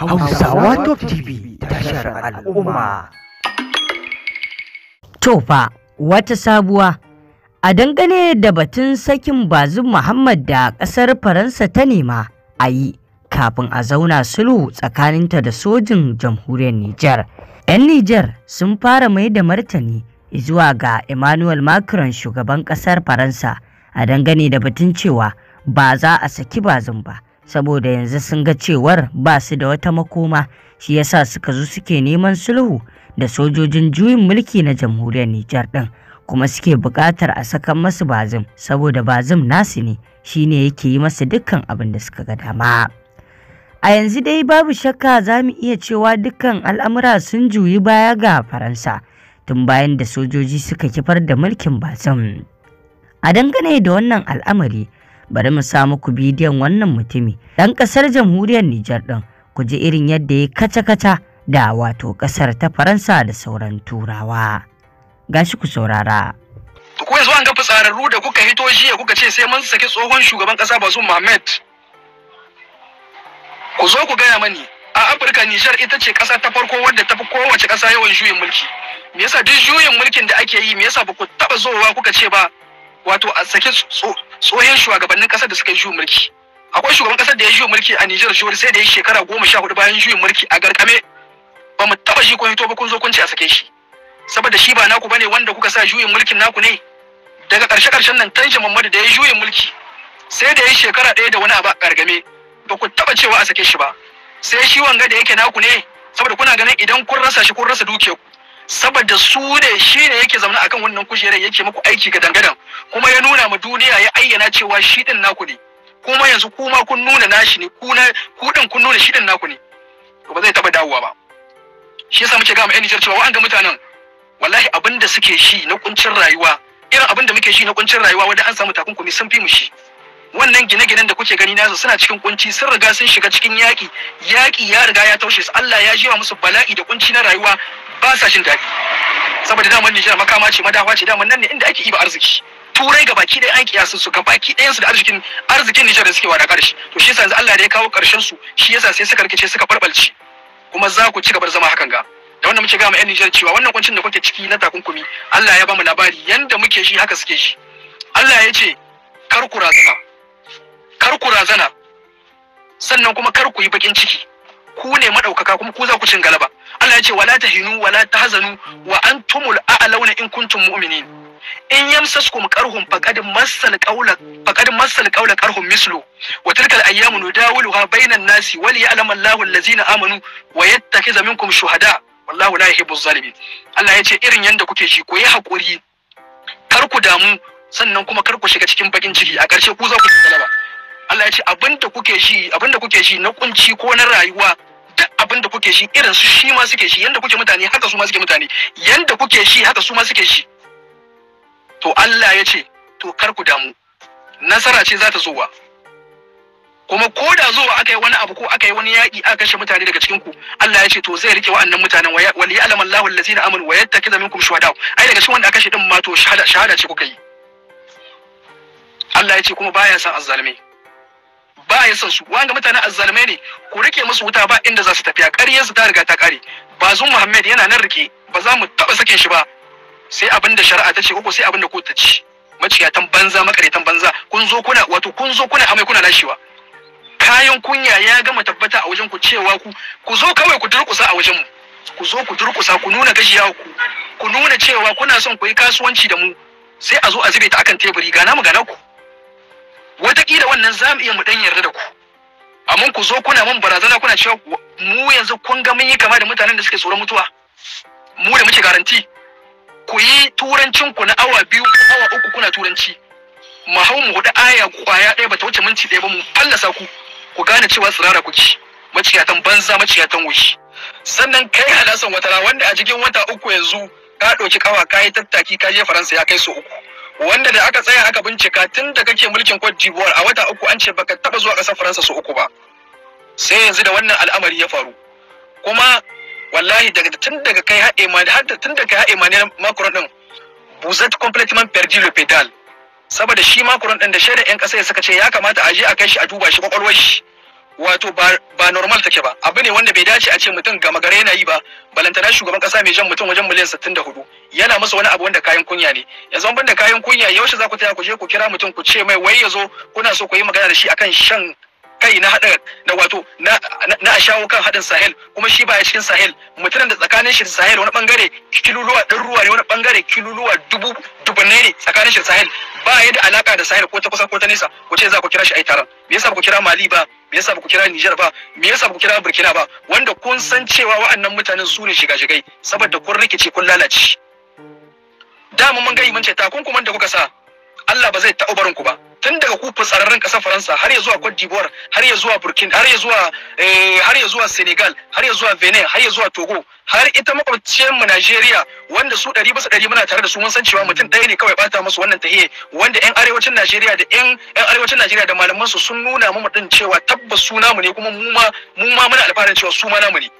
Hausawa Top TV tashar al'umma. Tofa wata sabuwa a dangane da batun sakin bazin Muhammad da ƙasar Faransa ta nema a yi kafin a zauna sulhu tsakaninta da sojin jamhuriyar Nijar. 'Yan Nijar sun fara mai da martani zuwa ga Emmanuel Macron shugaban ƙasar Faransa a dangane da batun cewa ba za a saki bazin ba. saboda yanzu sun ga cewar ba su da wata makoma shi yasa suka zo suke neman sulhu da sojojin juyin mulki na jamhuriyar Nijar ɗin kuma suke buƙatar a saka masu bazim saboda bazim nasu ne shi ne yake yi masa dukkan abin da suka ga dama. A yanzu dai babu shakka za mu iya cewa dukkan al'amura sun juyi baya ga Faransa tun bayan da sojoji suka kifar da mulkin bazim. A dangane da wannan al'amari, bari mu samu ku bidiyon wannan mutumi ɗan ƙasar jamhuriyar Nijar ɗin ku ji irin yadda ya kaca-kaca da wato ƙasar ta Faransa da sauran turawa. Gashi ku saurara. Ku yanzu an ga fitsararru da kuka hito jiya kuka ce sai mun saki tsohon shugaban ƙasa Bazoum Mohamed. Ku zo ku gaya mani a Afirka Nijar ita ce ƙasa ta farko wadda ta fi kowace kasa yawan juyin mulki. Me yasa duk juyin mulkin da ake yi me yasa ba ku taɓa zowa kuka ce ba wato a saki tsohon shugabannin kasar da suka yi juyin mulki akwai shugaban kasar da ya juyin mulki a Nijar shi sai da ya shekara goma sha hudu bayan juyin mulki a garkame ba mu taba shi kun hito ba kun zo kun ce a sake shi saboda shi ba naku bane wanda kuka sa juyin mulkin naku ne daga ƙarshe-ƙarshen nan tanje Muhammadu da ya juyin mulki sai da ya shekara ɗaya da wani abu a gargame ba ku taba cewa a sake shi ba sai shi wanga da yake naku ne saboda kuna ganin idan kun rasa shi kun rasa dukiyarku saboda su ne shi ne yake zaune akan wannan kujerar yake muku aiki ga dangadan kuma ya nuna ma duniya ya ayyana cewa shi din naku ne kuma yanzu kuma kun nuna nashi ne ku na ku din kun nuna shi din naku ne to ba zai taba dawowa ba shi yasa muke ga mu yan cewa wa'anga mutanen wallahi abin da suke shi na kuncin rayuwa irin abin da muke shi na kuncin rayuwa wanda an samu takunkumi sun fi mu shi wannan gine-ginen da kuke gani nasu suna cikin kunci sun riga sun shiga cikin yaƙi yaƙi ya riga ya taushe su Allah ya jiwa musu bala'i da kunci na rayuwa ba sa shin daɗi saboda daman Nijar makama ce madawa ce daman nan ne inda ake iba arziki turai ga baki ɗaya an kiyasa su ga baki ɗayan su da arzikin arzikin Nijar da suke wa da shi, to shi yasa yanzu Allah da ya kawo ƙarshen su shi yasa sai suka rikice suka farbalci kuma za ku ci gaba da zama hakan ga da wannan muke ga 'yan Nijar cewa wannan kuncin da kuke ciki na takunkumi Allah ya ba labari yanda muke shi haka suke shi Allah ya ce kar ku razana kar ku razana sannan kuma kar ku yi bakin ciki ku ne madaukaka kuma ku za ku cin galaba Allah ya ce wala tahinu wala tahzanu wa antumul a'launa in kuntum mu'minin in yamsaskum qarhum faqad massal qawla faqad massal qawla qarhum mislu wa tilka al ayyamu nudawiluha an nasi wal ya'lamu Allahu allazina amanu wa yattakhidha minkum shuhada wallahu la yuhibbu zalimin Allah ya ce irin yanda kuke shi ku yi hakuri kar ku damu sannan kuma kar ku shiga cikin bakin ciki a ƙarshe ku za ku Allah ya ce abinda kuke shi abinda kuke shi na kunci ko na rayuwa duk abinda kuke shi irin su shi ma suke shi yanda kuke mutane haka su ma suke mutane yanda kuke shi haka su ma suke shi to Allah ya ce to kar ku damu nasara ce za ta zo wa kuma ko da zuwa aka yi wani abu ko aka yi wani yaƙi aka kashe mutane daga cikin ku Allah ya ce to zai rike wa'annan mutanen wal li ya'lamu Allahu allazina amanu wa yattakhidha minkum shuhada ai daga cikin wanda aka kashe din ma to shahada shahada ce kuka yi Allah ya ce kuma baya san azzalimi ba ya son su wanga mutane azzalumai ne ku rike musu wuta ba inda za su tafiya ƙaryar su ta riga ta ƙare zun muhammad yana nan rike ba za mu taɓa sakin shi ba sai abin da shari'a ta ce ko sai abin da kotu ta ce maciyatan banza tan banza kun zo kuna wato kun zo kuna amai kuna lashewa kayan kunya ya gama tabbata a wajen ku cewa ku ku zo kawai ku durƙusa a wajen mu ku zo ku durƙusa ku nuna gajiya ku ku nuna cewa kuna son ku yi kasuwanci da mu sai a zo a zube ta akan teburi gana mu gana ku wataƙila wannan za mu iya mu dan yarda da ku amma ku zo kuna mun barazana kuna cewa mu yanzu kun ga mun yi kama da mutanen da suke tsoron mutuwa mu da muke garanti ku yi turancin ku na awa biyu ko awa uku kuna turanci mu hau mu hudu aya kwaya ɗaya bata wuce minti ɗaya ba mu fallasa ku ku gane cewa tsirara ku ci maciyatan banza maciyatan wushi sannan kai halasan watara wanda a cikin wata uku yanzu ka ɗauki kawa ka yi tattaki ka je faransa ya kai so uku wanda da aka tsaya aka bincika tun da kake mulkin Cote d'Ivoire a wata uku an ce baka taba zuwa ƙasar Faransa su uku ba sai yanzu da wannan al'amari ya faru kuma wallahi daga tun daga kai haɗe ma har tun daga haɗe ma ne Macron din vous complètement perdu le pédale saboda shi Macron din da shaida 'yan ƙasa suka ce ya kamata a je a kai shi a duba shi kwakwalwar shi wato ba normal take ba abu ne wanda bai dace a ce mutum gama gare yana yi ba balantana shugaban kasa mai jan mutum wajen miliyan hudu. yana masa wani abu wanda kayan kunya ne yanzu ban banda kayan kunya yaushe za ku taya ku je ku kira mutum ku ce mai wai ya zo kuna so ku yi magana da shi akan shan kai na haɗa na wato na shawo kan haɗin sahel kuma shi baya cikin sahel mutumin da tsakanin shi sahel wani bangare kiluluwa ɗin ruwa ne wani bangare kiluluwa dubu dubunne ne tsakanin shi sahel ba ya da alaka da sahel ko ta kusa ko ta nesa ku ce za ku kira shi a yi taron me yasa ba ku kira mali ba me yasa ba ku kira Niger ba me yasa ba ku kira Burkina ba wanda kun san cewa wa'annan mutanen su ne shiga-shigai saboda kun rikice kun lalace dama mun ga mun ce takunkuman da kuka sa Allah ba zai taɓa barin ku ba tun daga kufa tsararren ƙasar faransa har ya zuwa cote d'ivoire har ya zuwa burkina har ya zuwa eh, har ya zuwa senegal har ya zuwa benin har ya zuwa togo har ita makwabciyar mu Najeriya wanda su ɗari bisa ɗari muna tare da su mun san cewa mutum ɗaya ne kawai bata musu wannan tahiye wanda ƴan arewacin Najeriya da ƴan ƴan arewacin Najeriya da malaman su sun nuna mu din cewa tabbas su namu ne kuma mu ma mu ma muna alfahari cewa su ma namu ne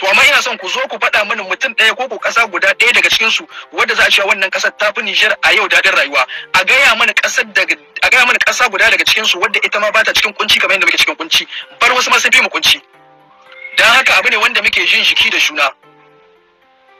to amma ina son ku zo ku faɗa mini mutum ɗaya ko ku ƙasa guda ɗaya daga cikinsu, su wanda za a cewa wannan ƙasar ta fi Nijar a yau dadin rayuwa a gaya mana ƙasar daga a gaya mana ƙasa guda daga cikin su ita ma ba ta cikin kunci kamar yadda muke cikin kunci bar wasu ma sun fi mu kunci dan haka abu ne wanda muke jin jiki da juna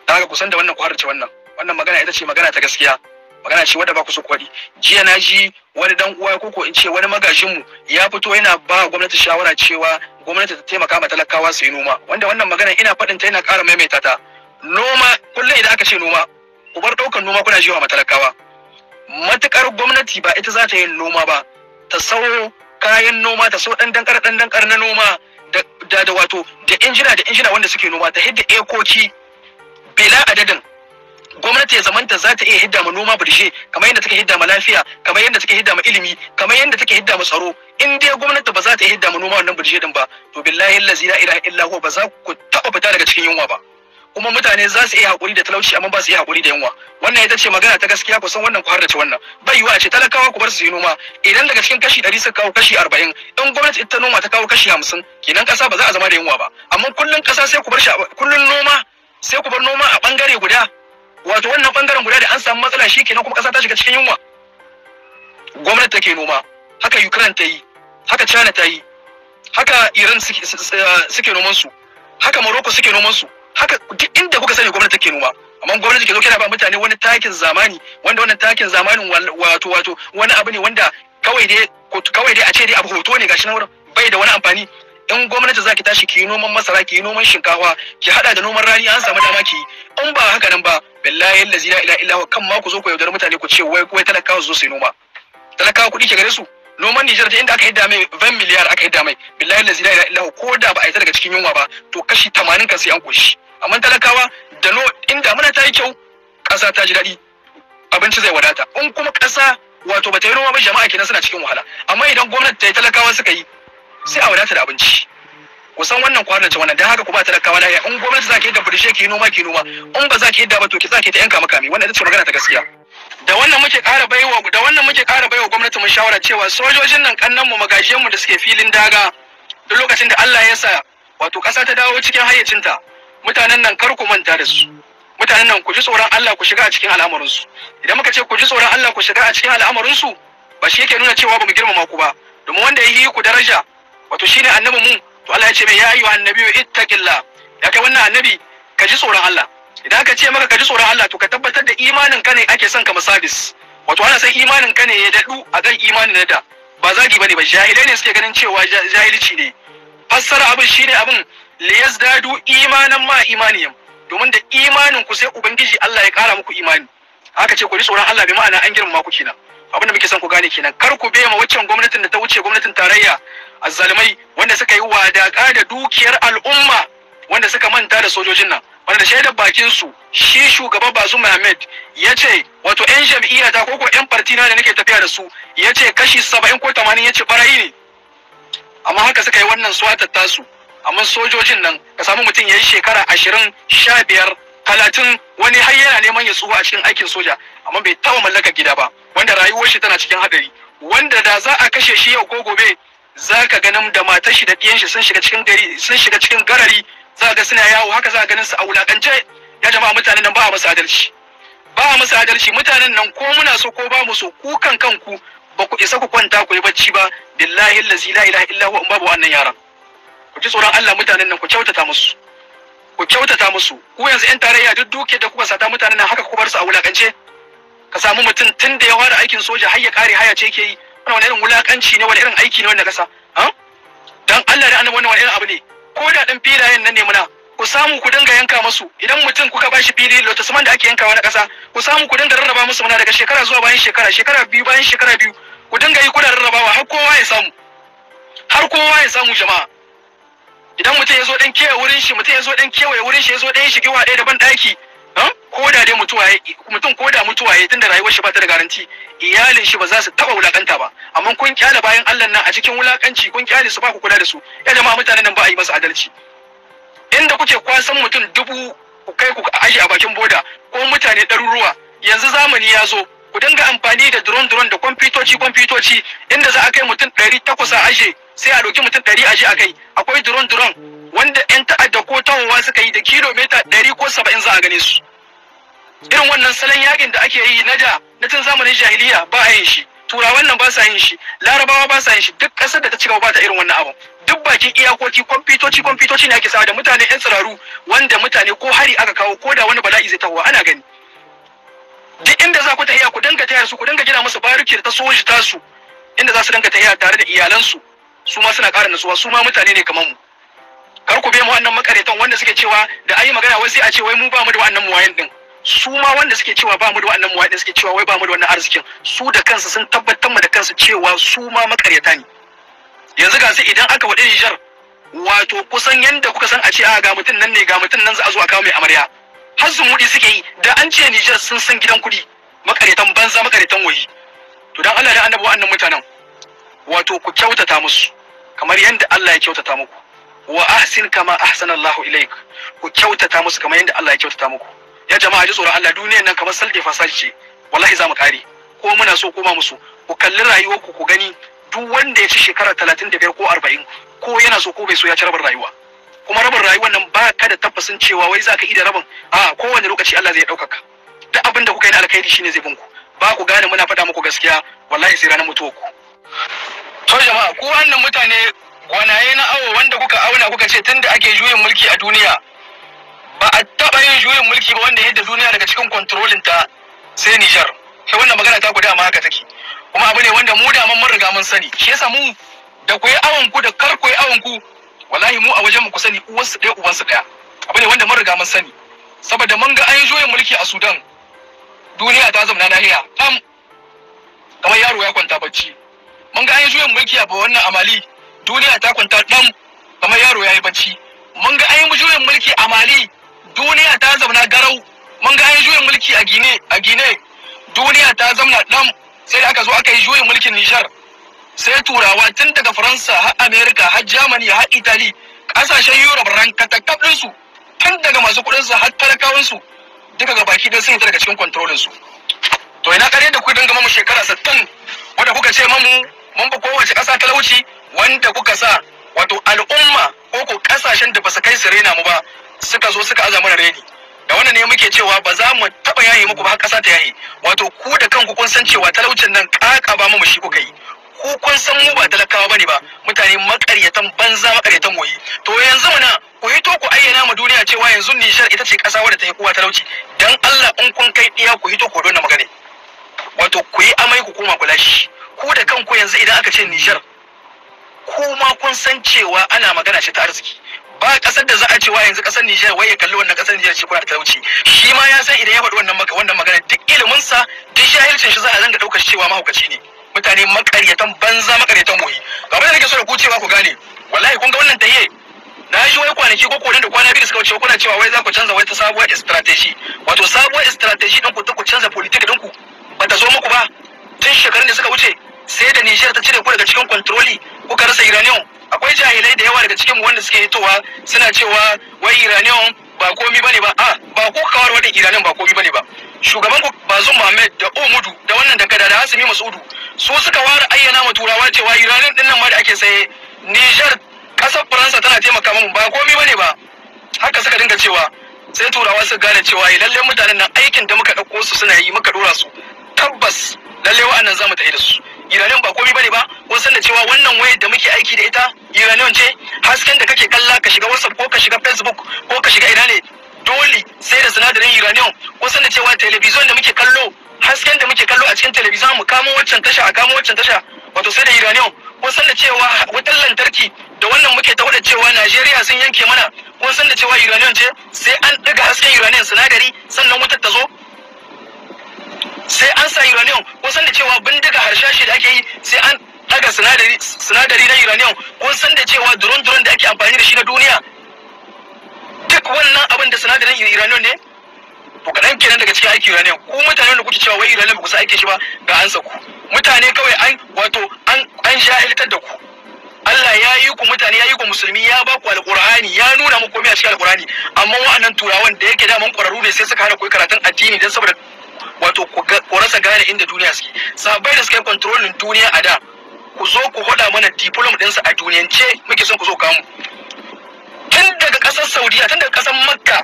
dan haka ku san da wannan ku harce wannan wannan magana ita ce magana ta gaskiya magana ce wanda ba ku so kwadi jiya na ji wani dan uwa ko in ce wani magajin mu ya fito yana ba gwamnati shawara cewa gwamnati ta taimaka ma talakawa su yi noma wanda wannan magana ina faɗin ta ina ƙara maimaita ta noma kullum idan aka ce noma ku bar ɗaukar noma kuna jiwa ma talakawa matukar gwamnati ba ita za ta yi noma ba ta sau kayan noma ta sau ɗan dankar ɗan dankar na noma da da wato da injina da injina wanda suke noma ta hidda ekoki bila adadin gwamnati ya zamanta za ta iya hidda ma noma birshe kamar yadda take hidda ma lafiya kamar yadda take hidda ma ilimi kamar yadda take hidda ma tsaro in dai gwamnati ba za ta iya hidda ma noma wannan birshe din ba to billahi allazi la ilaha illa huwa ba za ku taɓa fita daga cikin yunwa ba kuma mutane za su iya hakuri da talauci amma ba su iya hakuri da yunwa wannan ita ce magana ta gaskiya ku san wannan ku ci wannan bai yiwa ce talakawa ku bar su yi noma idan daga cikin kashi ɗari suka kawo kashi arba'in in gwamnati ita noma ta kawo kashi hamsin kenan ƙasa ba za a zama da yunwa ba amma kullum ƙasa sai ku bar shi kullum noma sai ku bar noma a ɓangare guda wato wannan bangaren guda da an samu matsala shi kenan kuma ƙasa ta shiga cikin yunwa gwamnati take noma haka ukraine ta yi haka china ta yi haka iran suke noman su haka morocco suke noman su haka duk inda kuka sani gwamnati take noma amma gwamnati ke zo kana ba mutane wani takin zamani wanda wannan takin zamanin wato wato wani abu ne wanda kawai dai kawai dai a ce dai abu hoto ne gashi na wurin bai da wani amfani in gwamnati za ki tashi ki yi noman masara ki yi noman shinkafa ki hada da noman rani an samu dama ki in ba haka nan ba billahi allazi la ilaha illa kan ma ku zo ku yaudar mutane ku ce wai wai talakawa zo su yi noma talakawa kuɗi ke gare su noman Nijar ta inda aka yi dame 20 miliyar aka yi dame billahi allazi la ilaha illa ko da ba a yi daga cikin yunwa ba to kashi 80 kan sai an koshi amma talakawa da no inda muna ta yi kyau ƙasa ta ji daɗi abinci zai wadata in kuma ƙasa wato ba ta yi noma ba jama'a kenan suna cikin wahala amma idan gwamnati ta yi talakawa suka yi sai a wadata da abinci ku san wannan ku halarci wannan dan haka ku ba dakawa lahiya in gwamnati za ki yi da burishe ki noma ki noma in ba za ki yi da ba to ki za ta yanka makami wannan ita ce magana ta gaskiya da wannan muke ƙara baiwa da wannan muke ƙara baiwa gwamnati mun shawara cewa sojojin nan kannan mu magajiyan mu da suke filin daga duk lokacin da Allah ya sa wato ƙasa ta dawo cikin hayyacinta mutanen nan kar ku manta da su mutanen nan ku ji tsoron Allah ku shiga a cikin al'amuransu. idan muka ce ku ji tsoron Allah ku shiga a cikin al'amuransu, ba shi yake nuna cewa ba mu girmama ku ba domin wanda ya yi ku daraja wato shine annabi mu to Allah ya ce mai ya wa annabi killa. ya kai wannan annabi ka ji tsoron Allah idan aka ce maka ka ji tsoron Allah to ka tabbatar da imanin ka ne ake son ka masabis wato ana san imanin ka ne ya dadu a kan imanin da ba zagi bane ba jahilai ne suke ganin cewa jahilci ne fassara abin ne abin liyazdadu imanan ma imaniyam domin da imanin ku sai ubangiji Allah ya kara muku imani haka ce ku ji tsoron Allah bi ma'ana an girmama ku kenan abin da muke son ku gane kenan kar ku bai ma waccan gwamnatin da ta wuce gwamnatin tarayya azzalumai wanda suka yi wadaka da dukiyar al'umma wanda suka manta da sojojin nan wanda shaidar bakin su shi shugaba bazu Mohammed, ya ce wato yan jam'iyya ta ko yan partina da nake tafiya da su ya ce kashi 70 ko tamanin ya ce barayi ne amma haka suka yi wannan suwatar tasu amma sojojin nan ka samu mutum ya yi shekara ashirin sha biyar talatin wani har yana neman ya tsuwa a cikin aikin soja amma bai taba mallaka gida ba wanda rayuwar shi tana cikin hadari wanda da za a kashe shi yau ko gobe za ka ganin da matar shi da ɗiyan shi sun shiga cikin gari sun shiga cikin garari za ga suna yawo haka za ganin su a wulakance ya jama'a mutanen nan ba a masu adalci ba a masu adalci mutanen nan ko muna so ko ba mu so ku kan kanku ba ku isa ku kwanta ku yi bacci ba billahi la ilaha illa huwa babu wannan yaran ku ji tsoron Allah mutanen nan ku kyautata musu ku kyautata musu ku yanzu yan tarayya duk duke da kuka sata mutanen nan haka ku bar su a wulakance ka samu mutum tun da ya fara aikin soja har ya kare haya ce yake yi wannan wani irin wulakanci ne wani irin aiki ne wannan kasa dan Allah da annabi wannan wani irin abu ne ko da dan filayen nan ne muna ku samu ku dinga yanka musu idan mutum kuka ba shi fili man da ake yankawa na kasa ku samu ku dinga rarraba musu muna daga shekara zuwa bayan shekara shekara biyu bayan shekara biyu ku dinga yi kuna rarrabawa har kowa ya samu har kowa ya samu jama'a idan mutum ya zo dan kewaye wurin shi mutum ya zo dan kewaye wurin shi ya zo dan shi giwa ɗaya daban ɗaki eh? ko da dai mutuwa ya mutum ko da mutuwa ya tunda rayuwar shi ba ta da garanti iyalin shi ba za su taba wulakanta ba amma kun kyale bayan Allah nan a cikin wulakanci kun kyale su ba ku kula da su ya jama'a mutanen nan ba a yi masa adalci inda kuke kwasan mutum dubu ku kai ku aje a bakin boda ko mutane ɗaruruwa yanzu zamani ya zo ku dinga amfani da drone drone da kwamfutoci kwamfutoci inda za a kai mutum ɗari takwas a aje sai a ɗauki mutum ɗari a ji a kai akwai drone drone wanda yan ta'adda ko tawowa suka yi da kilomita ɗari ko saba'in za a gane su irin wannan salon yakin da ake yi na da na tun zamanin jahiliya ba a yin shi turawan nan ba sa yin shi larabawa ba sa yin shi duk ƙasar da ta cigaba ba ta irin wannan abu duk bakin iyakoki kwamfitoci kwamfitoci ne ake sawa da mutane yan tsiraru wanda mutane ko hari aka kawo ko da wani bala'i zai tahowa ana gani duk inda za ku tahiya ku dinga tayar su ku dinga gina musu bariki da ta soji tasu inda za su dinga tahiya tare da iyalansu su ma suna ƙara nutsuwa su ma mutane ne kamar mu kar ku bi mu wannan makaretan wanda suke cewa da ayi magana wai sai a ce wai mu ba mu da wannan muwayin din su ma wanda suke cewa ba mu da wannan muwayin suke cewa wai ba mu da wannan arzikin su da kansu sun tabbatar mu da kansu cewa su ma makareta ne yanzu ga su idan aka waɗe Nijar wato kusan yanda kuka san a ce a ah, ga mutum nan ne ga mutum nan za a zo a kawo mai amarya har mudi suke yi da an ce Nijar sun san gidan kudi. makaretan banza makaretan wayi to dan Allah da annabawa annan mutanen wato ku kyautata musu kamar yadda Allah ya kyautata muku wa ahsin kama ahsana Allah ilaik ku kyautata musu kamar yadda Allah ya kyautata muku ya jama'a ji tsoron Allah duniyar nan kamar salde fasaji ce wallahi za mu kare ko muna so ko ba musu ku kalli rayuwarku ku gani duk wanda ya ci shekara talatin da biyar ko arba'in ko yana so ko bai so ya ci rabin rayuwa kuma rabin rayuwar nan ba ka da tabbasin cewa wai za ka ida rabin a kowane lokaci Allah zai ɗaukaka duk abin da kuka yi na alkhairi shine zai ku ba ku gane muna faɗa muku gaskiya wallahi sai ranar mutuwa ku so jama'a ku wannan mutane gwanaye na awo wanda kuka auna kuka ce tunda ake juyin mulki a duniya ba a taɓa yin juyin mulki ba wanda yadda duniya daga cikin kontrolin ta sai Niger sai wannan magana ta ku ma haka take kuma abu ne wanda mu da mun riga mun sani shi yasa mu da ku yi awon ku da kar ku yi awon ku wallahi mu a wajen mu ku sani uwan uwansu ɗaya su ɗaya abu ne wanda mun riga mun sani saboda mun ga an yi juyin mulki a Sudan duniya ta zama nahiya tam kamar yaro ya kwanta bacci mun ga an yi juyin mulki a wannan amali duniya ta kwanta dan kamar yaro ya yi bacci mun ga an yi juyin mulki a mali duniya ta zauna garau mun ga an yi juyin mulki a gine a gine duniya ta zauna dan sai da aka zo aka yi juyin mulkin nishar sai turawa tun daga faransa har america har germany har italy kasashen europe rankatakab su, tun daga masu su har su, duka ga baki dan sun yi daga cikin su. to ina kare da dan gama mu shekara 60 wanda kuka ce mamu mun fi kowace ƙasa talauci wanda kuka sa wato al'umma ko ko ƙasashen da ba su kai su rena mu ba suka zo suka aza mana reni da wannan ne muke cewa ba za mu taɓa yayi muku ba ƙasa ta yaye wato ku da kanku kun san cewa talaucin nan ƙaƙa ba mu shi kuka yi ku kun san mu ba talakawa bane ba mutane makaryatan banza makaryatan goyi to yanzu muna ku hito ku ayyana mu duniya cewa yanzu Nijar ita ce ƙasa wadda ta yi kowa talauci dan Allah in kun kai ɗiya ku hito ku dona magane wato ku yi amai ku koma ku lashi ku da kanku yanzu idan aka ce Nijar ku ma kun san cewa ana magana shi ta arziki ba kasar da za a cewa yanzu kasar Nijar wai ya kalli wannan kasar Nijar shi kuna talauci shi ma ya san idan ya faɗi wannan wannan magana duk ilimin sa duk jahilcin shi za a zanga daukar cewa mahaukaci ne mutane makaryatan banza makaryatan woyi kamar da nake so da ku cewa ku gane wallahi kun ga wannan tayye na shi wai kwanaki ko kodan da kwana biyu suka wuce kuna cewa wai za ku canza wata sabuwar strategy wato sabuwar strategy din ku ta ku canza politik din ku bata zo muku ba tun shekarun da suka wuce sai da Nijar ta cire ku daga cikin kontroli kuka rasa Iraniyon, akwai jahilai da yawa daga cikin wanda suke hitowa suna cewa wai Iraniyon ba komi bane ba a ba ku kawar wadin Iraniyon ba komi bane ba shugaban ku Bazum Muhammad da Umudu da wannan da kada da Hasimi Masudu su suka ware ayyana ma turawa cewa Iraniyon din nan ma da ake saye Nijar kasar Faransa tana taimaka mu ba komi bane ba haka suka dinga cewa sai turawa suka gane cewa eh, lallai mutanen nan aikin da muka dauko su suna yi muka ɗora su tabbas lalle wa'annan mu tafi da su uranium ba komai bane ba kun san da cewa wannan wayar da muke aiki da ita uranium ce hasken da kake kalla ka shiga WhatsApp ko ka shiga Facebook ko ka shiga ina ne dole sai da sinadarin uranium kun san da cewa television da muke kallo hasken da muke kallo a cikin television mu kamo waccan tasha a kamo waccan tasha wato sai da uranium kun san da cewa wutar lantarki da wannan muke ta da cewa Najeriya sun yanke mana kun san da cewa uranium ce sai an daga hasken uranium sinadari sannan wutar ta zo sai an sa uranium kun san da cewa bindiga harshashi da ake yi sai an daga sinadari sinadari na uranium kun san da cewa drone drone da ake amfani da shi na duniya duk wannan abin da sinadarin uranium ne to kadan kenan daga cikin aiki uranium ku mutanen da kuke cewa wai uranium ba ku sa aikin shi ba ga an ku mutane kawai an wato an an jahiltar da ku Allah ya yi ku mutane ya yi ku musulmi ya ba ku alƙur'ani ya nuna muku komai a cikin alƙur'ani amma wa'annan turawan da yake da mun ƙwararru ne sai suka hana ku karatun addini don saboda wato ku rasa gane inda duniya suke sabai da suke kontrolin duniya a da ku zo ku hoda mana diplom ɗinsa a duniyance muke son ku zo kamu tun daga ƙasar saudiya tun daga ƙasar makka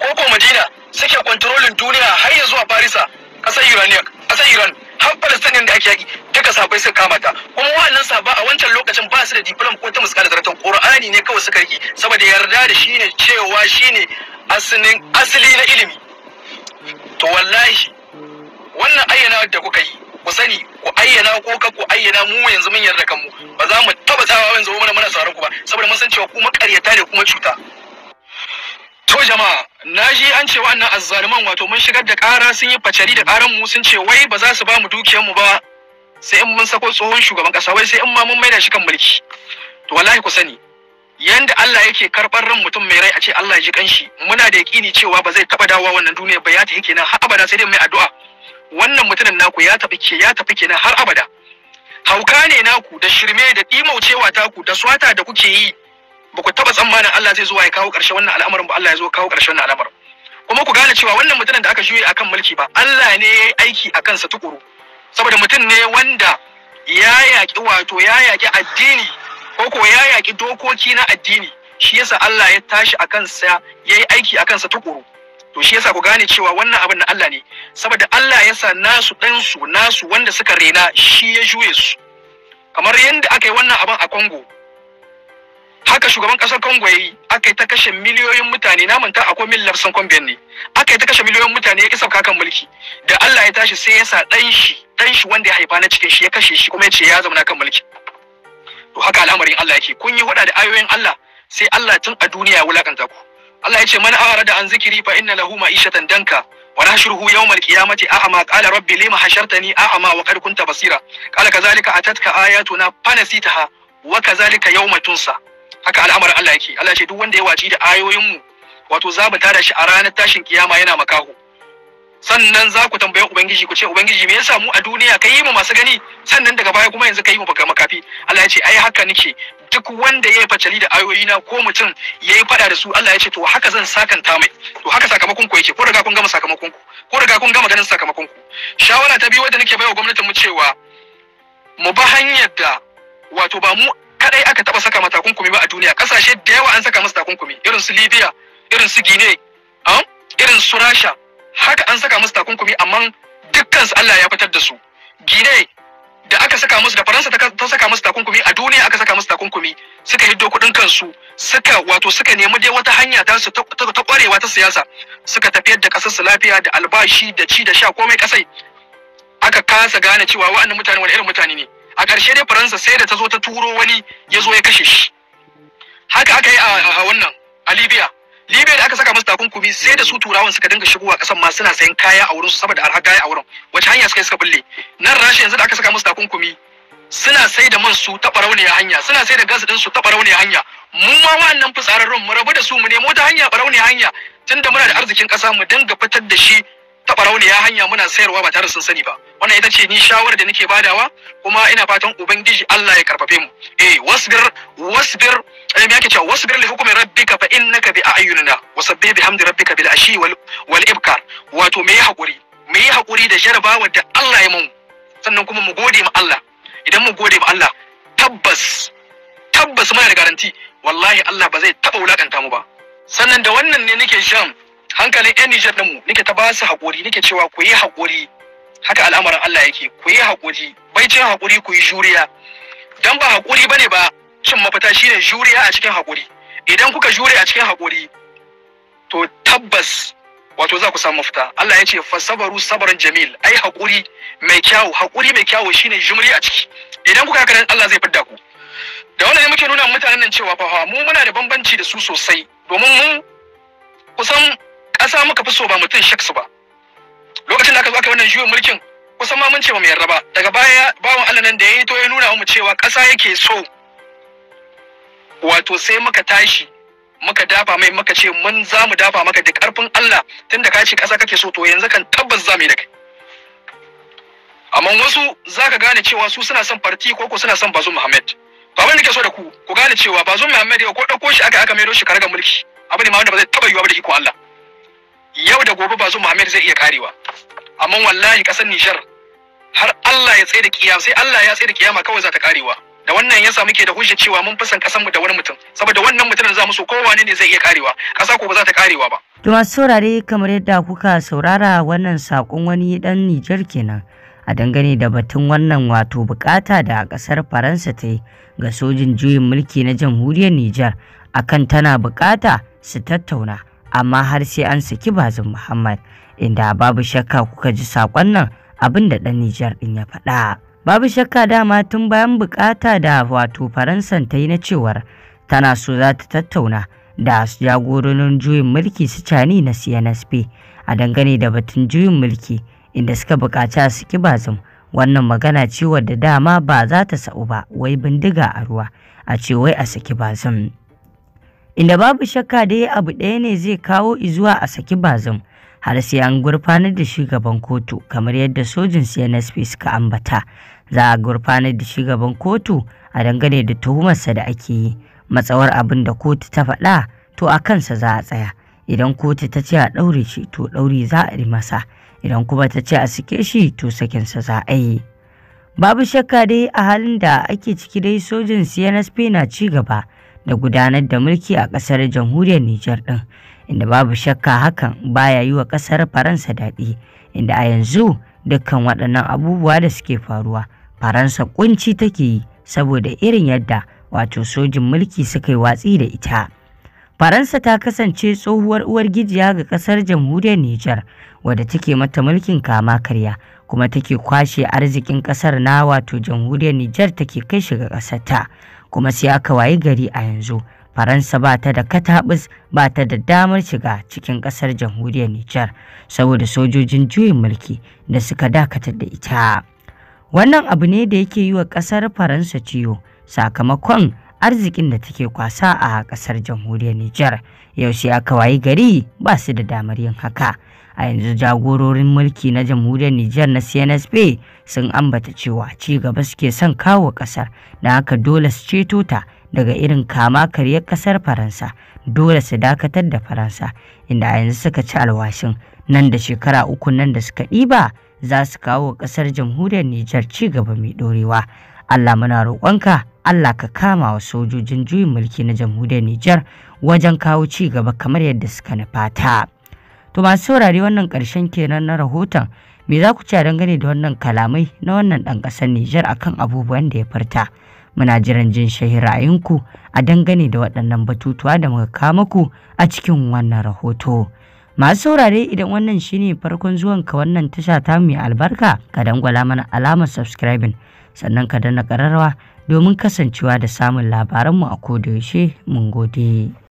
ko ko madina suke kontrolin duniya har yanzu a farisa ƙasar iraniya iran har palestinian da ake yaƙi duka sabai suka kama kuma wannan saba a wancan lokacin ba su da diplom ko ta musu da zaratan Ƙorani ne kawai suka yi saboda yarda da shine cewa shine asalin asali na ilimi to wallahi wannan ayyana da kuka yi ku sani ku ayyana ko ka ku ayyana mu yanzu mun yarda kanmu ba za mu taba tsawa yanzu mu muna sauraron ku ba saboda mun san cewa kuma karyata ne kuma cuta to jama'a na ji an ce wannan azzaluman wato mun shigar da ƙara sun yi facari da ƙaran mu sun ce wai ba za su ba mu dukiyar mu ba sai in mun sako tsohon shugaban kasa wai sai in ma mun maida shi kan mulki to wallahi ku sani yanda Allah yake karɓar ran mutum mai rai a ce Allah ya ji kanshi muna da yaƙini cewa ba zai taɓa dawowa wannan duniya ba ya ta yake nan har abada sai dai mai addu'a wannan mutumin naku ya tafi ke ya tafi kenan har abada hauka ne naku da shirme da ɗimaucewa taku da swata da kuke yi ba ku taɓa tsammanin Allah zai zo ya kawo ƙarshe wannan al'amarin ba Allah ya zo kawo ƙarshe wannan al'amarin kuma ku gane cewa wannan mutumin da aka juye akan mulki ba Allah ne ya yi aiki a kansa tukuru saboda mutum ne wanda ya yaƙi wato ya yaƙi addini ko ko ya yaƙi dokoki na addini shi yasa Allah ya tashi a kansa ya yi aiki a kansa tukuru to shi yasa ku gane cewa wannan abin na Allah ne saboda Allah ya sa nasu ɗansu nasu wanda suka rena shi ya juye su kamar yadda aka yi wannan abin a Congo haka shugaban ƙasar Congo yayi aka yi ta kashe miliyoyin mutane na manta akwai mil lafsan kwambiyan ne aka yi ta kashe miliyoyin mutane ya kisa kakan mulki da Allah ya tashi sai yasa sa ɗan shi ɗan shi wanda ya haifa na cikin shi ya kashe shi kuma ya ce ya zama kan mulki to haka al'amarin Allah yake kun yi huɗa da ayoyin Allah sai Allah tun a duniya ya wulakanta ku Allah ya ce man arada an zikiri fa inna lahu ma'ishatan danka wa nahshuruhu yawmal qiyamati a'ma qala rabbi lima hashartani a'ma wa qad kunta basira qala kadhalika atatka ayatuna fanasitaha wa kadhalika yawma tunsa haka al'amarin Allah yake Allah ya ce duk wanda ya waci da ayoyin mu wato za mu tada shi a ranar tashin kiyama yana makaho sannan za ku tambaye ubangiji ku ce ubangiji me yasa mu a duniya ka yi mu masu gani sannan daga baya kuma yanzu ka yi mu baka makafi Allah ya ce ai haka nake duk wanda ya yi facali da ayoyi na ko mutum ya yi fada da su Allah ya ce to haka zan sakanta mai to haka sakamakon ku yake ko riga kun gama sakamakon ku ko riga kun gama ganin sakamakon ku shawara ta biyu wadda nake baiwa gwamnatin mu cewa mu ba hanyar da wato ba mu kadai aka taba saka mata takunkumi ba a duniya kasashe da yawa an saka musu takunkumi irin su Libya irin su Guinea ah, irin su Rasha haka an saka musu takunkumi amma dukkansu Allah ya fitar da su gine da aka saka musu da faransa ta saka musu takunkumi a duniya aka saka musu takunkumi suka hiddo kudin kansu suka wato suka nemi dai wata hanya ta su ta kwarewa ta siyasa suka tafiyar da kasar su lafiya da albashi da ci da sha komai kasai aka kasa gane cewa wa'annan mutane wani irin mutane ne a ƙarshe dai faransa sai da ta zo ta turo wani ya zo ya kashe shi haka aka yi a wannan a libya Libya da aka saka musu takunkumi sai da su mm. turawan suka dinga shigowa kasan ma suna sayan kaya a wurin su saboda arha kaya a wurin wace hanya suka suka bulle nan Rasha yanzu da aka saka musu takunkumi suna sai da man su ta barauniya hanya suna sai da gas din su ta barauniya hanya mu ma wannan fitsararrun mu rabu da su mu nemo ta hanya barauniya hanya tunda muna da arzikin kasa mu dinga fitar da shi ta barauniya hanya muna sayarwa ba tare sun sani ba wannan ita ce ni shawarar da nake badawa kuma ina fatan ubangiji Allah ya karfafe mu eh wasbir wasbir eh me yake cewa wasbir li hukumi rabbika annaka bi a'yunina wa sabbih bihamdi rabbika bil ashi wal wal ibkar wato me hakuri me hakuri da jarabawar da Allah ya mun sannan kuma mu gode ma Allah idan mu gode ma Allah tabbas tabbas muna da garanti wallahi Allah ba zai taba wulakanta mu ba sannan da wannan ne nake jam hankalin yan Nijar din mu nake ta ba su hakuri nake cewa ku yi hakuri haka al'amarin Allah yake ku yi hakuri bai cin hakuri ku yi juriya dan ba hakuri bane ba cin mafita shine juriya a cikin hakuri idan kuka jure a cikin haƙuri to tabbas wato za ku samu mafita Allah ya ce fasabaru sabaran jamil ai haƙuri mai kyawu haƙuri mai kyawu shine jumri a ciki idan kuka haka Allah zai fidda ku da wannan ne muke nuna mutanen nan cewa fa mu muna da bambanci da su sosai domin mu kusan ƙasa muka fi so ba mutum shaksu ba lokacin da aka zo aka wannan juyin mulkin kusan ma mun ce ba mu yarda ba daga baya bawan Allah nan da ya yi to ya nuna mu cewa ƙasa yake so wato sai muka tashi muka dafa mai muka ce mun za mu dafa maka da karfin Allah tunda ka ce ƙasa kake so to yanzu kan tabbas za mu yi da kai amma wasu za ka gane cewa su suna son farti ko ko suna son bazum Muhammad ba wanda ke so da ku ku gane cewa bazum Muhammad ko ɗauko shi aka aka mai shi karga mulki abu ne ma wanda ba zai taɓa yiwa ba da iko Allah yau da gobe bazum Muhammad zai iya karewa amma wallahi ƙasar Nijar har Allah ya tsaye da kiyama sai Allah ya tsaye da kiyama kawai za ta karewa da wannan yasa muke da hujja cewa mun fusan kasan mu da wani mutum saboda wannan mutumin za mu so kowane ne zai iya karewa kasa ko ba za ta karewa ba to masu saurare kamar yadda kuka saurara wannan sakon wani dan Niger kenan a dangane da batun wannan wato bukata da kasar Faransa ta yi ga sojin juyin mulki na jamhuriyar Niger akan tana bukata su tattauna amma har sai an saki bazin Muhammad inda babu shakka kuka ji sakon nan abin da dan Niger din ya faɗa babu shakka dama tun bayan bukata da wato faransan ta yi na cewar tana so za ta tattauna da jagororin juyin mulki su cani na cnsp a dangane da batun juyin mulki inda suka bukaci su kibazin wannan magana ce da dama ba za ta sa'u ba wai bindiga a ruwa a ce wai a saki bazum inda babu shakka dai abu ɗaya ne zai kawo izuwa a saki bazum har sai an gurfanar da shugaban kotu kamar yadda sojin CNSP suka ambata za a gurfanar da shugaban kotu a dangane da tuhumarsa da ake yi matsawar abin da kotu ta faɗa to a kansa za a tsaya idan kotu ta ce a ɗaure shi to ɗauri za a yi masa idan kuma ta ce a sike shi to sakinsa za a yi babu shakka dai a halin da ake ciki dai sojin CNSP na ci gaba da gudanar da mulki a ƙasar jamhuriyar Nijar ɗin inda babu shakka hakan baya yi wa ƙasar Faransa daɗi, inda a yanzu dukkan waɗannan abubuwa da suke faruwa, Faransa ƙunci take yi saboda irin yadda wato sojin mulki suka yi watsi da ita. Faransa ta kasance tsohuwar uwar gijiya ga ƙasar jamhuriyar Nijar, wadda take mata mulkin kama karya, kuma take kwashe arzikin ƙasar na wato jamhuriyar Nijar take kai shiga ga ƙasarta, kuma sai aka wayi gari a yanzu. Faransa ba ta da katabus ba ta da damar shiga cikin kasar jamhuriyar Nijar saboda sojojin juyin mulki da suka dakatar da ita. Wannan abu ne da yake yi wa kasar Faransa ciwo sakamakon arzikin da take kwasa a kasar jamhuriyar Nijar. Yaushe aka wayi gari ba su da damar yin haka. a yanzu jagororin mulki na jamhuriyar Nijar na CNSP sun ambata cewa ci gaba suke son kawo kasar da haka dole su ceto ta daga irin kama karyar kasar faransa dole su dakatar da faransa inda a yanzu suka ci alwashin nan da shekara uku nan da suka ɗiba za su kawo wa kasar jamhuriyar nijar ci gaba mai ɗorewa allah muna roƙonka allah ka kama wa sojojin juyin mulki na jamhuriyar nijar wajen kawo ci gaba kamar yadda suka nufata to masu saurare wannan ƙarshen kenan na rahoton me za ku ci dangane da wannan kalamai na wannan ɗan ƙasar Nijar akan abubuwan da ya farta. Muna jiran jin shahi ra'ayinku a dangane da waɗannan batutuwa da muka kama ku a cikin wannan rahoto. Masu saurare idan wannan shine farkon zuwan ka wannan tasha ta mai albarka ka dangwala mana alamar subscribing sannan ka danna kararrawa domin kasancewa da samun labaranmu a kodayaushe mun gode.